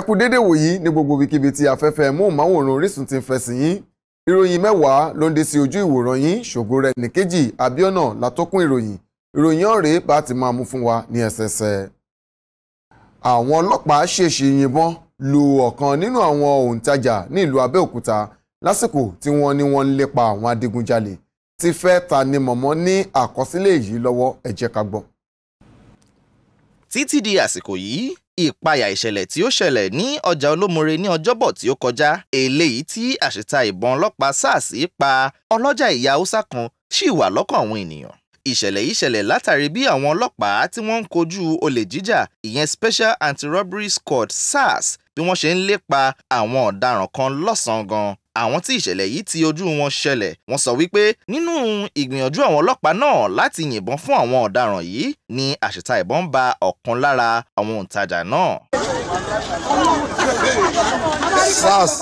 ẹ kú déédéé wòyí ní gbogbo ibikíbi tí afẹ́fẹ́ móhùnmáwòrán Orísun ti ń fẹsẹ̀ yín ìròyìn mẹ́wàá ló ń dé sí ojú ìwòran yín ṣògo rẹ̀ nìkejì Abíọ́nà látọ́kùn ìròyìn ìròyìn ọ̀rẹ́ bá ti máa mú fún wa ní ẹsẹsẹ. àwọn ọlọ́pàá ṣèṣì yìnbọn lu ọ̀kan nínú àwọn òǹtajà ní ìlú Abẹ́òkúta lásìkò tí wọ́n ní wọ́n ń lépa àwọn adigunjalè tí fẹ́ ta ni mọ̀mọ́ ní àkọsílẹ̀ yìí lọ́wọ́ ẹ jẹ́ ká gbọ́ títí di àsìkò yìí ìpayà ìṣẹ̀lẹ̀ tí ó ṣẹlẹ̀ ní ọjà olómore ní ọjọ́bọ̀ tí ó kọjá eléyìí tí àṣìta ìbọn ọlọ́pàá sars pa ọlọ́jà ìyá haúsá kan ṣì wà lọ́kàn àwọn ènìyàn ìṣẹ̀lẹ̀ yìí ṣẹlẹ̀ látàrí bí àwọn ọlọ́pàá tí wọ́n ń kojú olè jíjà ìyẹn special anti-robbery squad sars bí wọ́n ṣe ń lépa àwọn ọ̀daràn kan lọ́sàn-án gan àwọn tí ìṣẹ̀lẹ̀ yìí ti ojú wọn ṣẹlẹ̀ wọ́n sọ wípé nínú ìgbìyànjú àwọn ọlọ́pàá náà láti yìnbọn fún àwọn ọ̀daràn yìí ni àṣetà ìbọn ba ọ̀kan lára àwọn òǹtajà náà. sars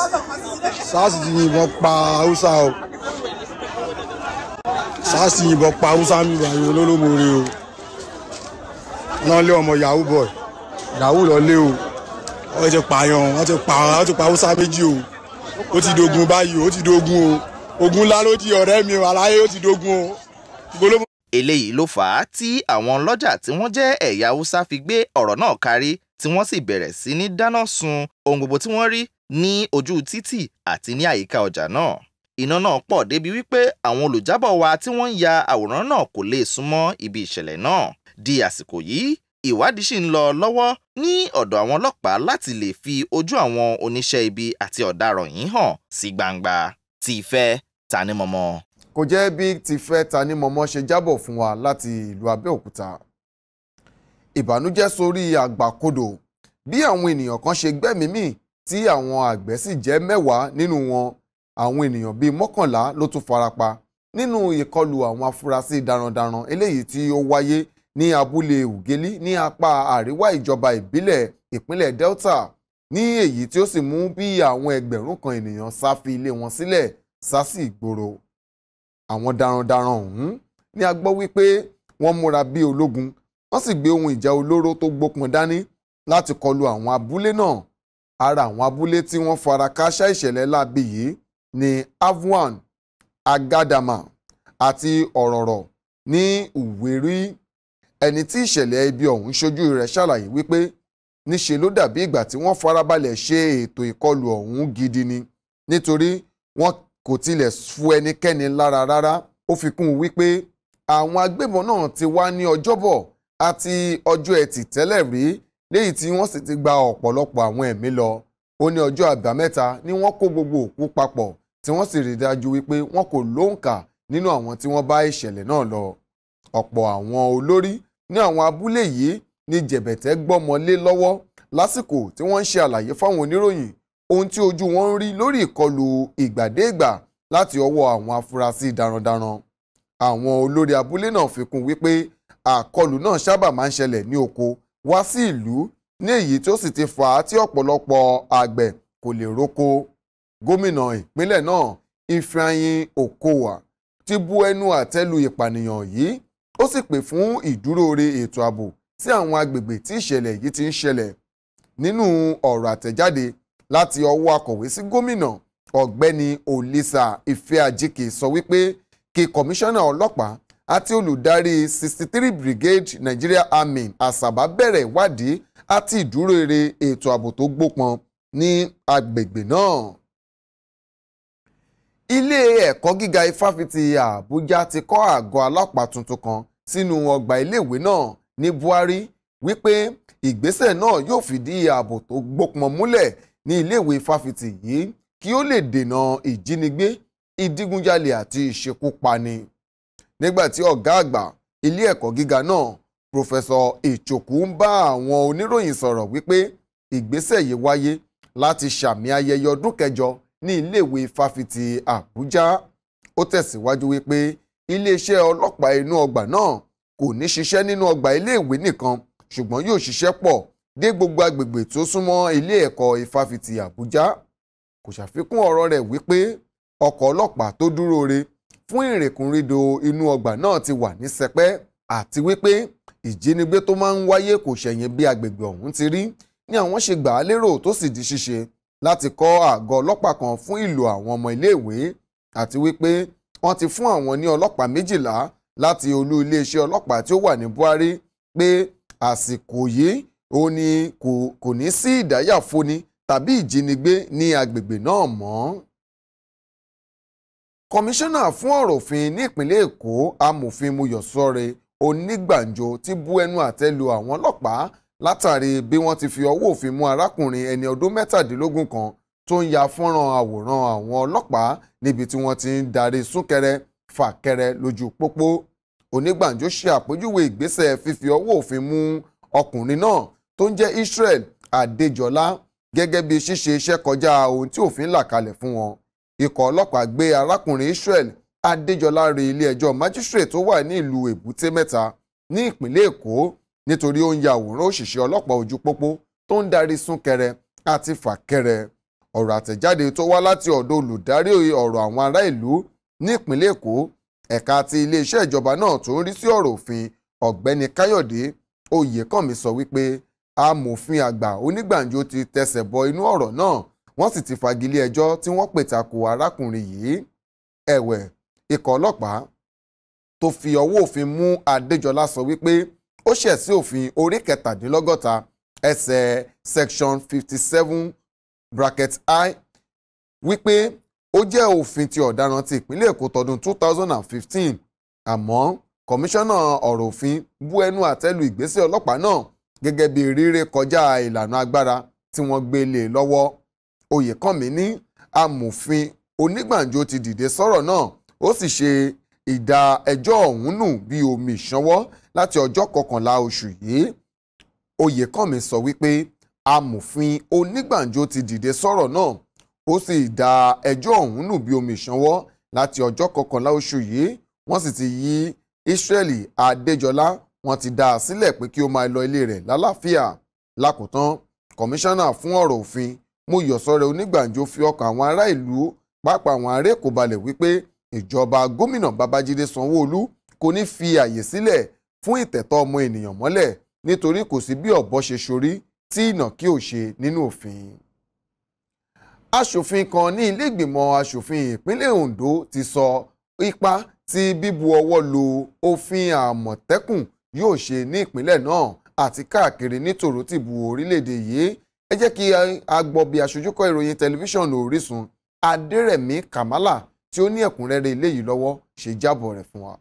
sars ti yìnbọn pa haúsá o sars ti yìnbọn pa haúsá nínú àyè olólùmọ̀ọ́rẹ́ o náà lé ọmọ yahoo boy yahoo lọ lé o wọ́n ti pààyàn wọ́n ti pa haúsá méjì o ó ti dogun báyìí ó ti dogun o ogun ńlá ló di ọ̀rẹ́ mi aláyé ó ti dogun o. eléyìí ló fà á tí àwọn ọlọ́jà tí wọ́n jẹ́ ẹ̀yà haúsá fi gbé ọ̀rọ̀ náà kárí tí wọ́n sì bẹ̀rẹ̀ sí ní dáná sun ohun gbogbo tí wọ́n rí ní ojú títì àti ní àyíká ọjà náà iná náà pọ̀ débi wípé àwọn olùjábọ̀ wa tí wọ́n ń ya àwòrán náà kò lè súnmọ́ ibi ìṣẹ̀lẹ̀ náà di àsìkò yìí ìwádìí sì ń lọ lọ́wọ́ ní ọ̀dọ̀ àwọn ọlọ́pàá láti lè fi ojú àwọn oníṣẹ́ ibi àti ọ̀daràn yìí hàn sí gbangba Tìfẹ́ Tanímọ̀mọ́. kò jẹ́ bí Tìfẹ́ Tanímọ̀mọ́ ṣe jábọ̀ fún wa láti ìlú Abẹ́òkúta ìbànújẹ́ sórí àgbàkodò bí àwọn ènìyàn kan ṣe gbẹ́mìí mì tí àwọn àgbẹ̀ sì jẹ́ mẹ́wàá nínú wọn àwọn ènìyàn bíi mọ́kànlá ló tún farapa nínú ìkọlù àwọn afurasí darandaran eléyìí tí ó wáyé ní abúlé ugeli ní apá àríwá ìjọba ìbílẹ̀ ìpínlẹ̀ delta ní èyí tí ó sì mú bí àwọn ẹgbẹ̀rún kan ènìyàn sá fi ilé wọn sílẹ̀ sá sí ìgboro àwọn darandaran ọ̀hún ni a gbọ́ wípé wọ́n múra bí ológun wọ́n sì gbé ohun ìjà olóró tó gbópọn dání láti kọlu àwọn abúlé náà ara àwọn abúlé tí wọ́n fara kááṣá ìṣẹ̀lẹ̀ láabi yìí ni avuan agadama àti ọ̀rọ̀rọ̀ ní ìwérí ẹni tí ìṣẹ̀lẹ̀ ibi ọ̀hún ṣojú rẹ̀ ṣàlàyé wípé níṣe ló dàbí ìgbà tí wọ́n farabalẹ̀ ṣe ètò ìkọlù ọ̀hún gidi ni nítorí wọn kò tilẹ̀ fu ẹnikẹ́ni lára rárá ó fi kún un wípé àwọn agbébọn náà ti wá ní ọjọ́bọ̀ àti ọjọ́ ẹtì tẹ́lẹ̀ rí léyìí tí wọ́n sì ti gba ọ̀pọ̀lọpọ̀ àwọn ẹ̀mí lọ ó ní ọjọ́ àbámẹ́ta ni wọ́n kó gbogbo òkú papọ̀ tí wọ́n sì rí dájú wípé wọn kò lóǹkà nínú àwọn tí wọ́n bá ìṣẹ̀lẹ̀ náà lọ ọ̀pọ̀ àwọn olórí ní àwọn abúlé yìí ni jẹ̀bẹ̀tẹ̀ gbọ́mọlé lọ́wọ́ lásìkò tí wọ́n ń ṣe àlàyé fáwọn oníròyìn ohun tí ojú wọn ń rí lórí ìkọlù ìgbàdégbà láti ọwọ́ àwọn afurasí darandaran àwọn olórí abúlé náà fi kún wípé àkọlù náà sábà máa ń ṣẹlẹ̀ ní oko wá sí ìlú ní èyí tó sì ti fà á tí ọ̀pọ̀lọpọ̀ àgbẹ̀ kò lè roko gómìnà ìpínlẹ̀ náà Ifeanyi Okowa ti bu ẹnu àtẹ́lu ìpànìyàn yìí ó sì pè fún ìdúróore ètò ààbò sí àwọn agbègbè tí ìṣẹ̀lẹ̀ yìí ti ń ṣẹlẹ̀ nínú ọ̀rọ̀ àtẹ̀jáde láti ọwọ́ akọ̀wé sí gómìnà ọ̀gbẹ́ni Olisa Ifeajike sọ wípé kí kọmíṣánná ọlọ́pàá àti olùdarí 63 Brigade Nigeria Army Asaba bẹ̀rẹ̀ ìwádìí àti ìdúróore ètò ààbò tó gbópọn ní agbègbè náà ilé ẹ̀kọ́ gíga ifáfitì àbújá ti kọ́ àgọ́ ọlọ́pàá tuntun kan sínú ọgbà iléèwé náà ní buhari wípé ìgbésẹ̀ náà yóò fìdí ààbò tó gbópọn múlẹ̀ ní iléèwé ifáfitì yìí kí ó lè dènà ìjínigbé ìdígunjalè àti ìṣekúpani nígbà tí ọ̀gá àgbà ilé ẹ̀kọ́ gíga náà pòfẹ́sọ̀ ìchòkù ń bá àwọn oníròyìn sọ̀rọ̀ wípé ìgbésẹ̀ yìí wáyé láti ṣàmì ayẹyẹ ọdún kẹjọ ní iléèwé fáfitì Àbújá ó tẹ̀síwájú wípé iléeṣẹ́ ọlọ́pàá inú ọgbà náà kò ní ṣiṣẹ́ nínú ọgbà iléèwé nìkan ṣùgbọ́n yóò ṣiṣẹ́ pọ̀ dé gbogbo agbègbè tó súnmọ́ ilé ẹ̀kọ́ ìfáfitì Àbújá kò ṣàfikún ọ̀rọ̀ rẹ̀ wípé ọkọ̀ ọlọ́pàá tó dúró re fún ìrìnkúnrìdò inú ọgbà náà ti wà ní sẹpẹ́ àti wípé ìjínigbé tó máa ń wáyé kò ṣẹ̀yìn bí agbègbè ọ̀hún ti rí ni àwọn ṣe gbà á lérò tó sì di ṣíṣe láti kọ́ àgọ́ ọlọ́pàá kan fún ìlò àwọn ọmọ iléèwé àti wípé wọ́n ti fún àwọn ní ọlọ́pàá méjìlá láti olú iléeṣẹ́ ọlọ́pàá tí ó wà ní Buhari pé àsìkò yìí ó ní kò ní sí ìdáyàfóni tàbí ìjínigbé ní agbègbè náà mọ́ kọmíṣánná fún ọ̀rọ̀ òfin ní ìpínlẹ̀ Èkó amòfin Mọ́yọ̀sọ́rẹ́ onígbàǹjo ti bu ẹnu àtẹ́ àwọn ọlọ́pàá látàrí bí wọ́n ti fi ọwọ́ òfin mú arákùnrin ẹni ọdún mẹ́tàdínlógún kan tó ń ya fọ́nrán àwòrán àwọn ọlọ́pàá níbi tí wọ́n ti ń darí súnkẹrẹ fàkẹrẹ lójú pópó onígbàǹjo ṣe àpèjúwe ìgbésẹ̀ fífi ọwọ́ òfin mú ọkùnrin náà tó ń jẹ́ Israel Adéjọlá gẹ́gẹ́ bí ṣíṣe iṣẹ́ kọjá ohun tí òfin là kalẹ̀ fún wọn ikọ̀ ọlọ́pàá gbé arákùnrin Israel Adéjọlá re ilé ẹjọ́ májísírè tó wà ní ìlú Èbúté Mẹ́ta ní ìpínlẹ̀ Èkó nítorí ó ń ya àwòrán òṣìṣẹ́ ọlọ́pàá ojú pópó tó ń darí súnkẹrẹ àti fàkẹrẹ ọ̀rọ̀ àtẹ̀jáde tó wá láti ọ̀dọ̀ olùdarí ọ̀rọ̀ àwọn ará ìlú ní ìpínlẹ̀ èkó ẹ̀ka ti iléeṣẹ́ ìjọba náà tó ń rí sí ọ̀rọ̀ òfin ọ̀gbẹ́ni káyọ̀dé oyèkànmí sọ wípé amòfin àgbà onígbàǹjo ti tẹsẹ̀ bọ inú ọ̀rọ̀ náà wọ́n sì ti fagilé ẹjọ́ tí wọ́n pè takò arákùnrin yìí ẹ̀wẹ̀ ikọ̀ ọlọ́pàá tó fi ọwọ́ òfin mú adéjọlá sọ wípé ó ṣẹ̀ sí òfin orí kẹtàdínlọ́gọ́ta ẹsẹ̀ section fifty seven bracket i wípé ó jẹ́ òfin ti ọ̀daràn ti ìpínlẹ̀ èkó tọdún two thousand and fifteen àmọ́ kọmíṣánná ọ̀rọ̀ òfin bú ẹnu àtẹ́lu ìgbésẹ̀ ọlọ́pàá náà gẹ́gẹ́ bí ríré kọjá ìlànà agbára tí wọ́n gbé lé e lọ́wọ́ oyèkánmi ní amòfin onígbàǹjo ti dìde sọ̀rọ̀ náà ó sì ṣe ìdá ẹjọ́ ọ̀hún nù bí omi ìṣánwọ́ láti ọjọ́ kọkànlá oṣù yìí Oyèkánmi sọ wípé amòfin onígbàǹjo ti dìde sọ̀rọ̀ náà ó sì da ẹjọ́ ọ̀hún nù bí omi ìṣanwọ́ láti ọjọ́ kọkànlá oṣù yìí wọ́n sì ti yí Israeli Adéjọlá wọ́n ti dá a sílẹ̀ pé kí ó máa lọ ilé rẹ̀ lálàáfíà lákòótán kọmíṣánná fún ọ̀rọ̀ òfin Mọ́yọ̀sọ́rẹ́ Onígbàǹjo fi ọkàn àwọn ará ìlú pápá àwọn ará Èkó balẹ̀ wípé ìjọba gómìnà Babájídé Sanwó-Olú kò ní fi àyè sílẹ̀ fún ìtẹ̀tọ́ ọmọ ènìyàn mọ́lẹ̀ nítorí kò sí bí ọ̀bọ ṣe ṣorí tí ìnàkí ò ṣe nínú òfin. aṣòfin kan ní ilé ìgbìmọ̀ aṣòfin ìpínlẹ̀ Ondo ti sọ ipa tí bíbu ọwọ́ lu òfin àmọ̀tẹ́kùn yóò ṣe ní ìpínlẹ̀ náà àti káàkiri nítorò tìbú orílẹ̀-èdè yìí ẹ jẹ́ kí a gbọ́ bí aṣojúkọ ìròyìn tẹlifíṣàn Orísun Adérẹ̀mí Kàmálà tí ó ní ẹ̀kúnrẹ́rẹ́ ilé lọ́wọ́ ṣe jábọ̀ rẹ̀ fún wa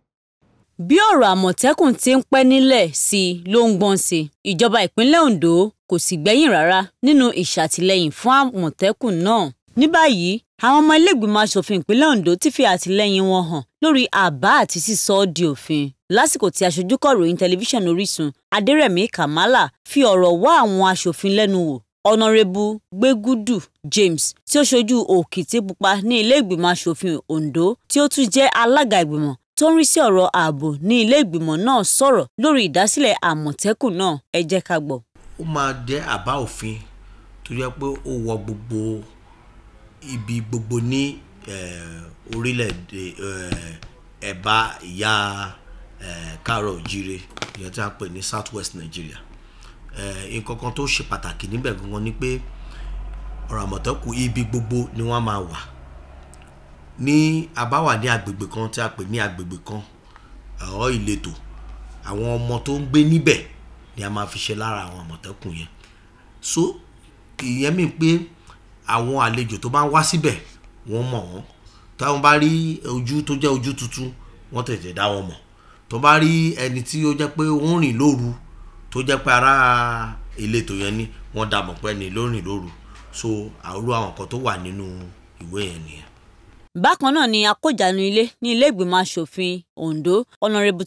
bí ọ̀rọ̀ àmọ̀tẹ́kùn ti ń pẹ́ nílẹ̀ sí i ló ń gbọ́n sí i ìjọba ìpínlẹ̀ Ondo kò sì gbẹ́yìn rárá nínú ìṣàtìlẹ́yìn fún àmọ̀tẹ́kùn náà ní báyìí àwọn ọmọ ilégbìmọ̀ asòfin ìpínlẹ̀ Ondo ti fi àtìlẹ́yìn wọn hàn lórí àbá àti sísọ ọ́ di òfin lásìkò tí aṣojú kọ̀ròyìn tẹlifíṣàn Orísun Adérẹ̀mí Kàmálà fi ọ̀rọ̀ wá àwọn asòfin lẹ́nu wò ọ̀nàrẹ́bù gbẹ́gúdù James tí ó ṣojú Òkìtìpupa ní ilé ìgbìmọ̀ asòfin Ondo tí ó tún jẹ́ alága ìgbìmọ̀ tó ń rí sí ọ̀rọ̀ ààbò ní ilé ìgbìmọ̀ náà sọ̀rọ̀ lórí ìdásílẹ̀ àmọ̀tẹ́kùn náà ẹ jẹ́ ká gbọ́. ó máa jẹ́ àbá òfin tó yẹ pé ó wọ gbogbo ibi gbogbo ní orílẹ̀-èdè ẹ̀bá ìyá káàárọ̀ òjíire ìyẹn tí a pè ní south west Nigeria nǹkan kan tó ṣe pàtàkì níbẹ̀ gangan ni pé ọ̀rọ̀ àmọ̀tẹ́kùn ibi gbogbo ni wọ́n máa wà ní àbáwà ní agbègbè kan tí a pè ní agbègbè kan ọ̀ ìletò àwọn ọmọ tó ń gbé níbẹ̀ ni a máa fi ṣe lára àwọn àmọ̀tẹ́kùn yẹn so ìyẹn mi pé àwọn àlejò tó bá ń wá síbẹ̀ wọ́n mọ̀ wọ́n táwọn bá rí ojú tó jẹ́ ojú tuntun wọ́n tètè dá wọn mọ̀ tó bá rí ẹni tí ó jẹ́ pé ó ń rìn lóru tó jẹ́ pé ará ìletò yẹn ni wọ́n dá mọ̀ pé ẹni ló rìn lóru so àrùn àwọn nǹkan tó wà nínú ìwé yẹn nìyẹn bákan náà ni akójànú ilé ní ilé ìgbìmọ̀ asòfin Ondo ọ̀nàrẹ́bù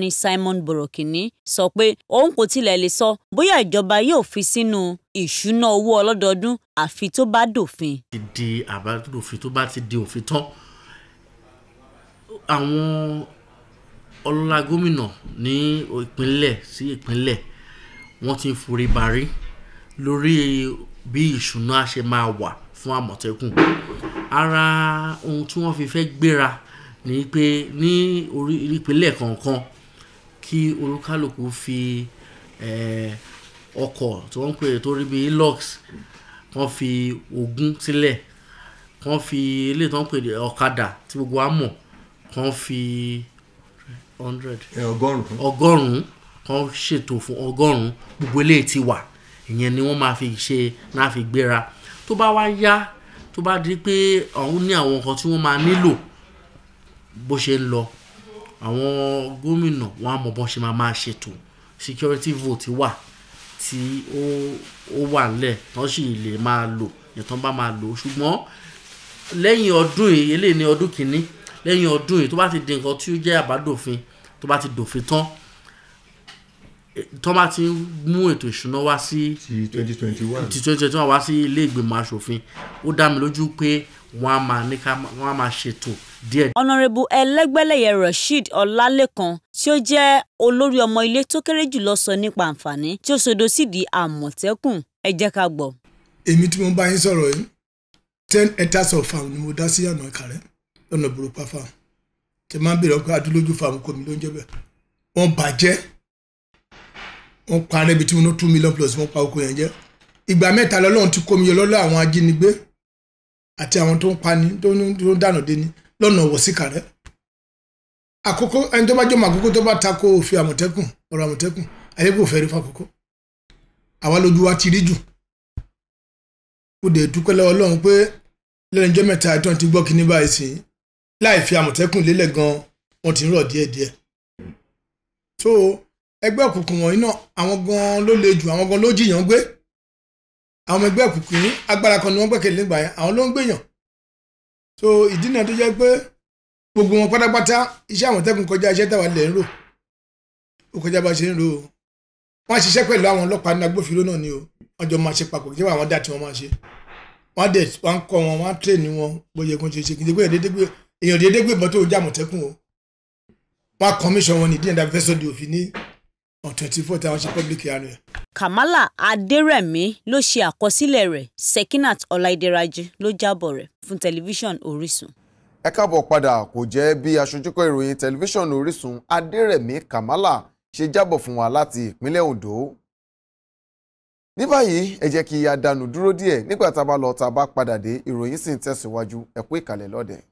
ni Simon Borokini sọ pé òun kò tilẹ̀ lè sọ bóyá ìjọba yóò fi sínú ìṣúná owó ọlọ́dọọdún àfi tó bá dòfin. ti di àbádòfin tó bá ti di òfin tán àwọn ọlọ́lá gómìnà ní ìpínlẹ̀ sí ìpínlẹ̀ wọ́n ti ń forí barí lórí bí ìṣúná ṣe máa wà fún àmọ̀tẹ́kùn ara ohun tí wọ́n fi fẹ́ gbéra ni pé ní orí ìpínlẹ̀ kọ̀ọ̀kan kí olúkálùkù fi ọkọ̀ tí wọ́n ń pè tó rí bíi lux wọ́n fi ogún sílẹ̀ wọ́n fi eléyìí tí wọ́n ń pè ọ̀kadà tí gbogbo wa mọ̀ wọ́n fi hundred ọgọ́rùn-ún ọgọ́rùn-ún wọ́n ṣètò fún ọgọ́rùn-ún gbogbo eléyìí ti wà ìyẹn ni wọ́n máa fi ṣe náà fi gbéra tó bá wá yá tó bá di pé ọ̀hún ní àwọn nǹkan tí wọ́n máa nílò bó ṣe ń lọ àwọn gómìnà wọn á mọ bọ́n ṣe máa máa ṣètò security vote wà tí ó wà nílẹ̀ tán sì lè máa lò ìtàn bá máa lò ṣùgbọ́n lẹ́yìn ọdún yìí eléyìí ní ọdún kìíní lẹ́yìn ọdún yìí tó bá ti di nǹkan tí ó jẹ́ àbádòfin tó bá ti dòfin tán tó bá ti mú ètò ìṣúná wá sí ti twenty twenty one twenty twenty one wá sí ilé ìgbìmọ̀ asòfin ó dá mi lójú pé wọ́n á máa ní ká wọ́n á máa ṣètò díẹ̀. ọ̀nàrẹ́bù ẹlẹ́gbẹ́lẹ́yẹ rasheed ọlálékan tí ó jẹ́ olórí ọmọ ilé tó kéré jù lọ sọ nípa àǹfààní tí ó sodo sí di àmọ̀tẹ́kùn ẹ jẹ́ ká gbọ́. èmi tí mo bá yín sọ̀rọ̀ yìí ten hectares of farm ni mo dá sí ọ̀nà kàrẹ́ ọ̀nà burúkú farm tẹ máa ń bèrè ọkọ̀ adúlójú farm kò mí ló bẹ́ẹ̀ wọ́n bàjẹ́ wọ́n parẹ́ ibi tí mo ná two million plus wọ́n pa oko yẹn jẹ́ ìgbà mẹ́ta lọ́lọ́run ti kó mi yọ lọ́lọ́ àwọn ajínigbé àti àwọn tó ń pani tó ń dànù dé ni lọ́nà ọ̀wọ̀ síkàrẹ́ àkókò ẹni tó bá jọmọ àkókò tó bá tako òfin àmọ̀tẹ́kùn ọ̀rọ̀ àmọ̀tẹ́kùn ayé kò fẹ́ rí fàkókò àwa lójú wa ti rí jù ó dẹ̀ dúpẹ́ lọ́wọ́ Ọlọ́run pé lẹ́nu mẹ́ta tí ti gbọ́ kíní báyìí sí láì fi àmọ̀tẹ́kùn lélẹ̀ gan-an ti rọ̀ díẹ̀díẹ̀ so ẹgbẹ́ òkùnkùn wọ̀nyí náà àwọn gan ló le jù àwọn gan ló jìyàn gbé àwọn ọmọ ẹgbẹ́ òkùnkùn yìí agbára kan ni wọ́n gbẹ̀kẹ̀lé nígbà yẹn àwọn ló ń gbèyàn so ìdí náà tó jẹ́ pé gbogbo wọn pátápátá iṣẹ́ àmọ̀tẹ́kùn kọjá iṣẹ́ táwa lẹ̀ ń rò ó kọjá bá ṣe ń rò ó wọ́n á ṣiṣẹ́ pẹ̀lú àwọn ọlọ́pàá ní agbófinró náà ni o wọ́n jọ máa ṣe papọ̀ kí wọ́n àwọn dá tí wọ́n máa ṣe wọ́n á dẹ̀ wọ́n á kọ́ wọn wọ́n á tẹ̀lé wọn bóyá kan ṣe ṣe kí èèyàn déédéé gbé ìbọn tó ń jà àmọ̀tẹ́kùn o wọ́n á kọ́míṣọ̀ wọn nìdí ẹ̀dá fẹ́sọ̀ di òfin ní on twenty four táwọn public yanu Kamala Aderemi ló ṣe àkọsílẹ̀ rẹ̀ Sekinat Ọláìdẹ́rajì ló jábọ̀ rẹ̀ fún tẹlifíṣàn Orísun. ẹ káàbọ̀ padà kò jẹ́ bí aṣojúkọ̀ ìròyìn tẹlifíṣàn Orísun Aderemi Kamala ṣe jábọ̀ fún wa láti ìpínlẹ̀ Ondo. ní báyìí ẹ jẹ́ kí a dánu dúró díẹ̀ nígbà tá a bá lọ tá a bá padà dé ìròyìn sì ń tẹ̀síwájú ẹ ìkàlẹ̀ lọ́dẹ̀ẹ́.